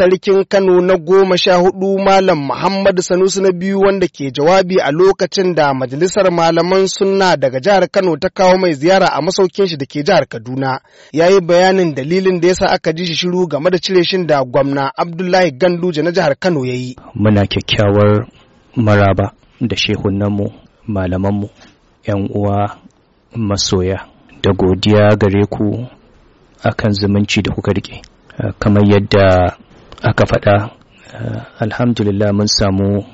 sarkin Kano na goma sha hudu Malam Muhammad Sanusi na biyu wanda ke jawabi a lokacin da majalisar malaman sunna daga jihar Kano ta kawo mai ziyara a masaukin shi da ke jihar Kaduna. Ya yi bayanin dalilin da yasa aka ji shi shiru game da cire shin da gwamna Abdullahi Ganduje na jihar Kano ya yi. Muna kyakkyawar maraba da shehunanmu, malamanmu, 'yan uwa, masoya da godiya gare ku akan zumunci da kuka rike. kamar yadda aka faɗa eh, alhamdulillah mun samu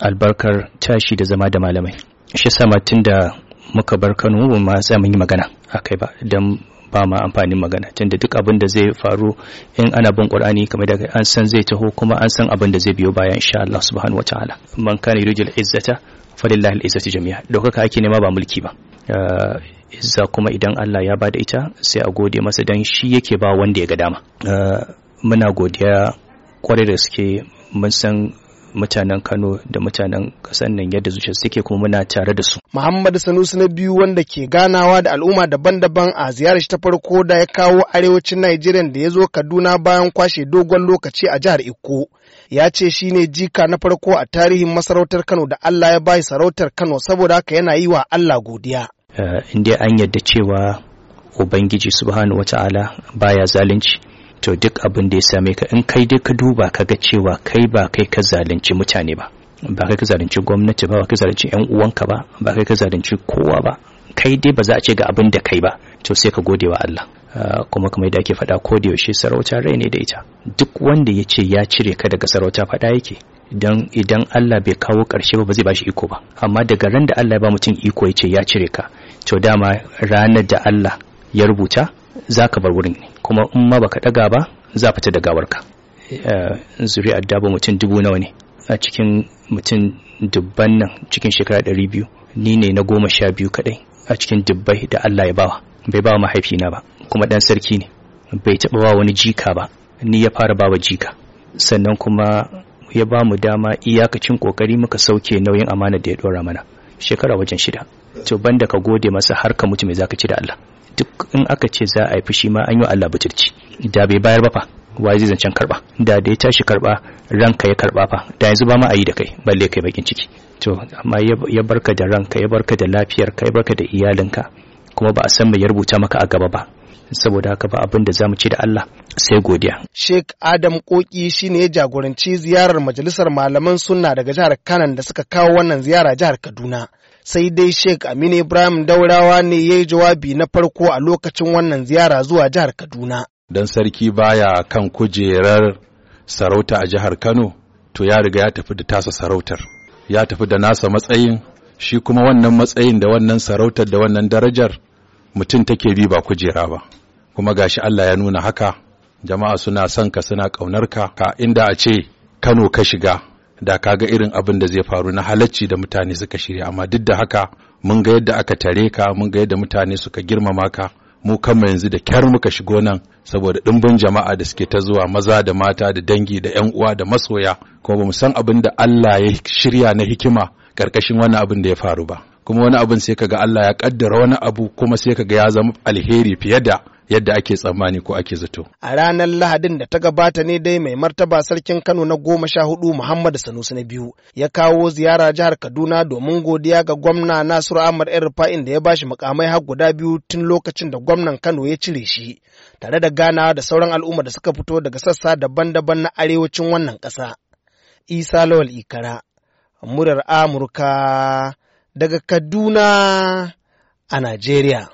albarkar tashi da zama da malamai shi sama tun da muka bar kano ma za mu yi magana akai ba don ba ma amfanin magana tun da duk abin da zai faru in ana bin qur'ani kamar da an san zai taho kuma an san abin da zai biyo baya insha Allah subhanahu wataala man kana yurijul izzata falillahi al-izzatu jami'a dokaka ake nema ba mulki ba eh, izza kuma idan Allah ya bada ita sai a gode masa dan shi yake ba wanda ya ga dama eh, muna godiya kwarai da suke mun san mutanen Kano da mutanen ƙasar nan yadda zuciya suke kuma muna tare da su. Muhammad Sanusi na biyu wanda ke ganawa da al'umma daban-daban a ziyarar ta farko da ya kawo arewacin Najeriya da ya zo Kaduna bayan kwashe dogon lokaci a jihar Ikko. Ya ce shi ne jika na farko a tarihin masarautar Kano da Allah ya bayi sarautar Kano saboda haka yana yi wa Allah godiya. Uh, an yadda cewa Ubangiji Subhanahu wata'ala baya zalunci to duk abin da ya same ka in kai dai ka duba ka ga cewa kai ba kai ka zalunci mutane ba ba kai ka zalunci gwamnati ba ba kai zalunci yan uwanka ba ba kai ka zalunci kowa ba kai dai ba za a ce ga abin da kai ba to sai ka gode wa Allah ah, kuma kamar yadda ake faɗa ko da yaushe sarauta rai ne da ita duk wanda ya ce ya cire ka daga sarauta faɗa yake idan idan Allah bai kawo ƙarshe ba ba zai bashi iko ba amma daga ran da Allah ya ba mutum iko ya ce ya cire ka to dama ranar da Allah ya rubuta za ka bar wurin kuma in ma baka daga ba za fita da gawarka eh, zuri dabo mutum dubu nawa ne a cikin mutum dubban nan cikin shekara ɗari biyu ni ne na goma sha biyu kaɗai a cikin dubbai da Allah ya bawa bai bawa mahaifina ba kuma ɗan sarki ne bai taɓa wa wani jika ba ni ya fara bawa jika sannan kuma ya ba mu dama iyakacin kokari muka sauke nauyin amana da ya ɗora mana shekara wajen shida to banda ka gode masa har ka mutu mai zaka ci da Allah duk in aka ce za a yi fushi ma an yi Allah butulci da bai bayar ba fa wai zai zancen karba da da ya tashi karba ranka ya karba fa da yanzu ba ma a yi da kai balle kai bakin ciki to amma ya barka da ranka ya barka da lafiyar ya barka da iyalinka kuma ba a san mai ya rubuta maka a gaba ba saboda haka ba abin da zamu ci da Allah sai godiya. Sheikh Adam Koki shine ya jagoranci ziyarar majalisar malaman sunna daga jihar Kanan da suka kawo wannan ziyara jihar Kaduna. sai dai Sheikh Aminu Ibrahim Daurawa ne ya yi jawabi na farko a lokacin wannan ziyara zuwa jihar Kaduna. Dan sarki baya kan kujerar sarauta a jihar Kano, to ya riga ya tafi da tasa sarautar. Ya tafi da nasa matsayin, shi kuma wannan matsayin da wannan sarautar da wannan darajar mutum take bi ba kujera ba. Kuma gashi Allah ya nuna haka, jama'a suna son ka suna ƙaunar ka, inda a ce Kano ka shiga, da kaga irin abin da zai faru na halacci da mutane suka shirya amma duk da haka mun ga yadda aka tare ka mun ga yadda mutane suka girmama ka mu kama yanzu da kyar muka shigo nan saboda ɗimbin jama'a da suke ta zuwa maza da mata da dangi da 'yan uwa da masoya kuma bamu san abin da Allah ya shirya na hikima ƙarƙashin wani abin da ya faru ba kuma wani abin sai kaga Allah ya kaddara wani abu kuma sai kaga ya zama alheri fiye da yadda ake tsammani ko ake zato. A ranar Lahadin da ta gabata ne dai mai martaba sarkin Kano na goma sha hudu Muhammadu Sanusi na biyu ya kawo ziyara jihar Kaduna domin godiya ga gwamna Nasiru Ahmad Yar Rufa'in da ya bashi mukamai har guda biyu tun lokacin da gwamnan Kano ya cire shi, tare da ganawa da sauran al'umma da suka fito daga sassa daban-daban na arewacin wannan ƙasa. Isa Lawal Ikara, murar Amurka daga Kaduna a Najeriya.